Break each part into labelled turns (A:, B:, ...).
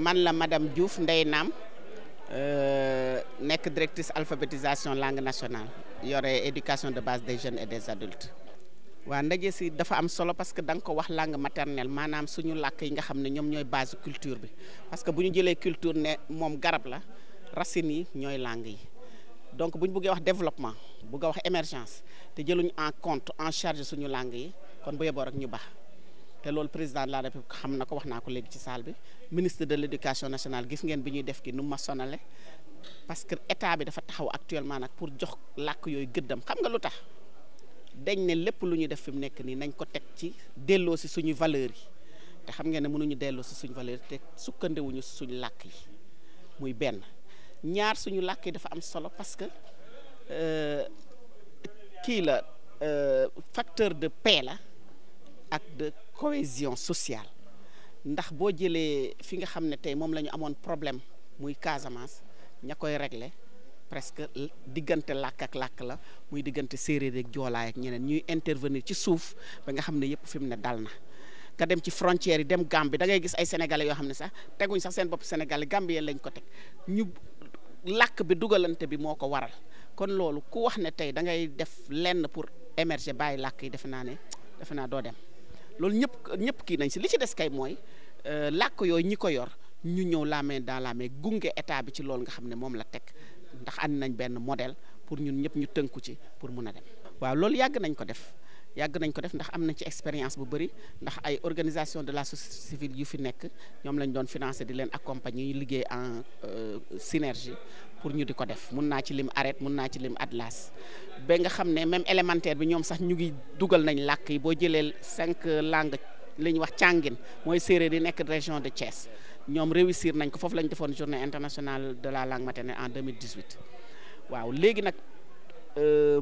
A: man la madame Diouf Ndeye Naam euh, nekk directrice alphabétisation langue nationale yore éducation de base des jeunes et des adultes. waa ndaje si dafa am solo parce que da nga ko wax langue maternelle maanaam suñu làkk yi nga xam ne ñoom ñooy base culture bi parce que bu ñu jëlee culture ne moom garab la racines yi ñooy langue yi. donc buñ ñu wax développement bëgg a wax émergence te jëluñ en compte en charge suñu langue yi kon bu yeboo rek ñu baax. te loolu président de la république xam na ko wax naa ko léegi ci saal bi ministre de l' éducation nationale gis ngeen bi ñuy def ki nu ma sonale parce que état bi dafa taxaw actuellement nag pour jox làkk yooyu gëddam xam nga lu tax dañ ne lépp lu ñu def fi mu nekk nii nañ ko teg ci delloo si suñu valeurs yi te xam ngeen ne mënuñu delloo si suñu valeur te sukkandewuñu si suñu làkk yi muy benn ñaar suñu làkk yi dafa am solo parce que euh, kii la euh, facteur de paix la ak de cohésion sociale ndax boo jëlee fi nga xam ne tey moom la ñu amoon problème muy Casamance ña koy régler presque diggante làkk ak làkk la muy diggante séeréer ak joolaay ak ñeneen ñuy intervenir ci suuf ba nga xam ne yëpp fi mu ne dal na nga dem ci frontière yi dem Gambie da ngay gis ay sénégalais yoo xam ne sax teguñ sax seen bopp sénégalais Gambien lañ ko teg ñu làkk bi dugalante bi moo ko waral kon loolu ku wax ne tey da ngay def lenn pour émerger bàyyi làkk yi defe naa ne defe naa doo dem loolu ñëpp ñëpp kii nañ si li ci des kay mooy euh, làkk yooyu ñi ko yor ñu ñëw laa may dans la main gunge état bi ci loolu nga xam ne moom la teg ndax andi nañ benn modèle pour ñun ñëpp ñu tënku ci pour mun a dem waaw loolu yàgg nañ ko def yàgg nañ ko def ndax am nañ ci expérience bu bëri ndax ay organisation de la société civile yu fi nekk ñoom lañ doon financer di leen accompagner ñu liggéey en euh, synergie pour ñu di ko def mun naa ci lim arrêt mun naa ci lim atlas ba nga xam ne même élémentaire bi ñoom sax ñu ngi dugal nañ làkk yi boo jëlee cinq langues li ñuy wax càngin mooy séeréer yi nekk région de Thiès ñoom réussir nañ ko foofu lañ defoon journée internationale de la langue maternelle en 2018 waaw léegi nag Euh,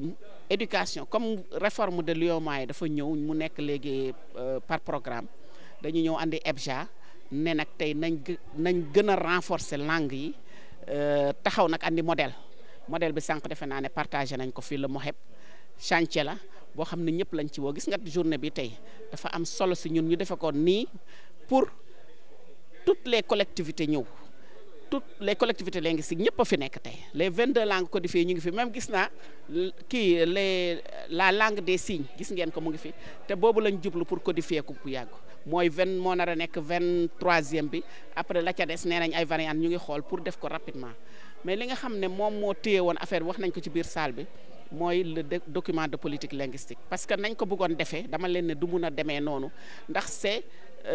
A: éducation comme réforme de l'UOMA yi dafa ñëw mu nekk léegi euh, par programme dañu ñëw andi EBJA ne nag tey nañ nañ gën a renforcer langue yi euh, taxaw nag andi modèle modèle bi sànq defe naa ne partagé nañ ko fii la Moheb chantier la boo xam ne ñëpp lañ ci woo gis nga journée bi tey dafa am solo si ñun ñu defe ko nii pour toutes les collectivités ñëw toutes les collectivités linguistiques ñëpp a fi nekk tey les 22 langues codifiées ñu ngi fi même gis naa kii les la langue des signes gis ngeen ko mu ngi fi te boobu lañ jublu pour codifier ko ku yàgg mooy vingt moo nar a nekk vingt troisième bi après la ca des nee nañ ay variantes ñu ngi xool pour def ko rapidement mais li nga xam ne moom moo téye woon affaire bi wax nañ ko ci biir salle bi mooy le document de politique linguistique parce que nañ ko bëggoon defee dama leen ne du a demee noonu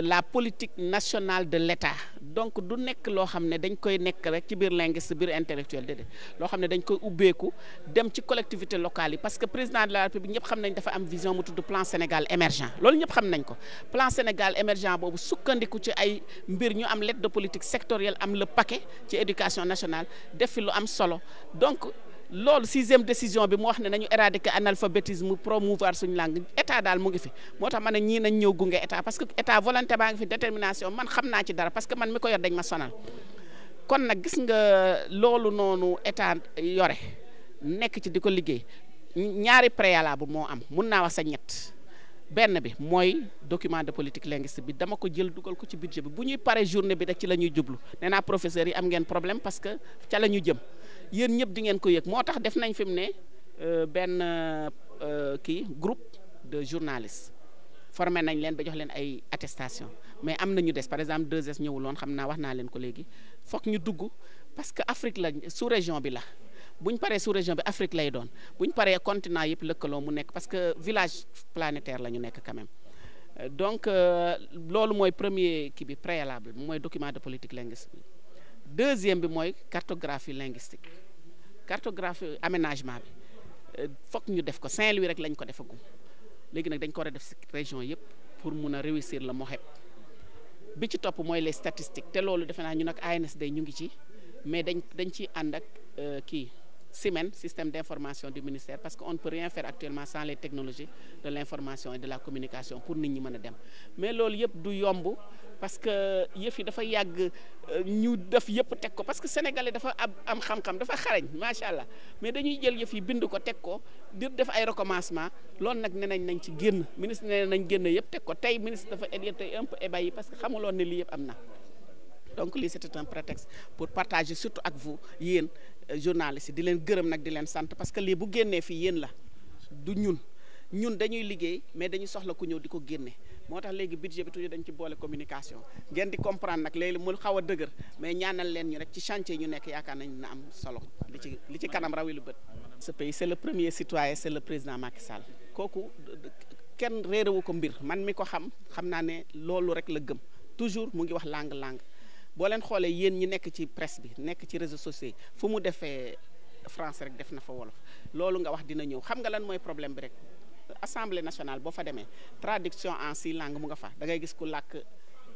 A: la politique nationale de l'État donc du nekk loo xam ne dañ koy nekk rek ci biir linguiste biir intellectuel déedéet loo xam ne dañ koy ubbeeku dem ci collectivité locale yi parce que président de la république ñëpp xam nañ dafa am vision mu tudd plan Sénégal émergent loolu ñëpp xam nañ ko plan Sénégal émergent boobu sukkandiku ci ay mbir ñu am lettre de politique sectorielle am le paquet ci éducation nationale def lu am solo donc loolu sixième décision bi mu wax ne nañu éradiquer analphabétisme promouvoir suñu langue état daal mu ngi fi moo tax ma ne ñii nañ ñëw gunge état parce que état volonté baa ngi fi détermination man xam naa ci dara parce que man mi ko yor ma sonal kon na gis nga loolu noonu état yore nekk ci di ko liggéey ñaari préalable moo am mun naa wax sa ñett benn bi mooy document de politique linguistique bi dama ko jël dugal ko ci budget bi bu ñuy pare journée bi rek ci la ñuy jublu nee naa professeurs yi am ngeen problème parce que ca la ñu jëm yéen ñëpp di ngeen ko yëg moo tax def nañ fi mu ne euh, benn euh, kii groupe de journalistes formé nañ leen ba jox leen ay attestation mais am nañu des par exemple deux s ñëwuloon xam naa wax naa leen ko léegi foog ñu dugg parce que Afrique la sous région bi la bu ñu paree sous région bi Afrique lay doon buñ ñu paree continent yëpp lëkkaloo mu nekk parce que village planétaire la ñu nekk quand même euh, donc loolu mooy premier kii bi préalable mooy document de politique linguistique deuxième bi mooy cartographie linguistique cartographie aménagement bi euh, foog ñu def ko Saint-Louis rek lañ ko defagum léegi nag dañ ko war a def si région yëpp pour mun a réussir la MOHEB bi ci topp mooy les statistiques te loolu defe naa ñu nag ANSD ñu ngi ci mais dañ dañ ciy ànd ak euh, kii. SIMEN, système d'information du ministère, parce qu'on ne peut rien faire actuellement sans les technologies de l'information et de la communication pour nit ñi mën a dem mais loolu yëpp du yomb parce que yëf yi dafa yàgg euh, ñu def yëpp teg ko parce que sénégalais dafa am xam-xam dafa xarañ macha allah mais dañuy jël yëf yi bind ko teg ko di def ay recommencement loolu nag nee nañ nañ ci génn ministre nee nañ génn yëpp teg ko tey ministre dafa tey un peu que xamuloon ne lii yëpp am na donc lii c'était un Euh, journaliste yi di leen gërëm nag di leen sant parce que lii bu génnee fii yéen la du ñun ñun dañuy liggéey mais dañu soxla ku ñëw di ko génne moo tax léegi budget bi toujours dañ ci boole communication ngeen di comprendre nag léegi mu xaw a dëgër mais ñaanal leen ñu rek ci chantier ñu nekk yaakaar nañ na am solo li ci li ci kanam rawi lu bët. ce pays c'est le premier citoyen c'est le président Macky kooku kenn réerewu ko mbir man mi ko xam xam naa ne loolu rek la gëm toujours mu ngi wax langue langue. boo leen xoolee yéen ñi nekk ci presse bi nekk ci réseaux sociaux yi fu mu defee français rek def na fa wolof loolu nga wax dina ñëw xam nga lan mooy problème bi rek assemblée nationale boo fa demee traduction en six langues mu nga fa da ngay gis ku làkk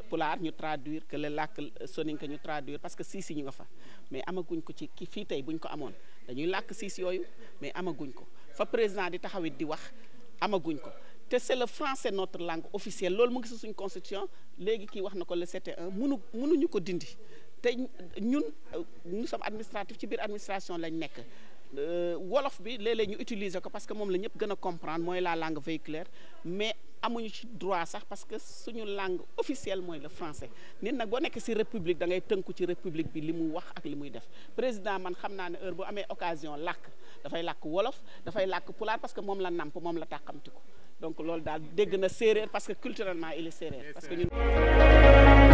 A: pulaar ñu traduire que le làkk soninke ñu traduire parce que siis yi ñu nga fa mais amaguñ ko ci ki fii tey buñ ko amoon dañuy làkk siis yooyu mais amaguñ ko fa président di taxawit di wax amaguñ ko te c' est le français notre langue officielle loolu mu ngi si suñ constitution léegi kii wax na ko le CT1 e munu munuñu ko dindi te ñun nous sommes administratif ci biir administration lañ nekk euh, wolof bi léeg ñu utiliser ko parce que moom la ñëpp gën a comprendre mooy la langue véhiculaire mais amuñu ci droit sax parce que suñu langue officielle mooy le français nit nag boo nekk ci république da ngay tënku ci république bi li mu wax ak li muy def président man xam naa ne heure boo amee occasion làkk dafay làkk wolof dafay làkk pulaar parce que moom la nàmp moom la tàkkamti ko donc loolu daal dégg na séeréer parce que culturellement il est séeréer parce que ñun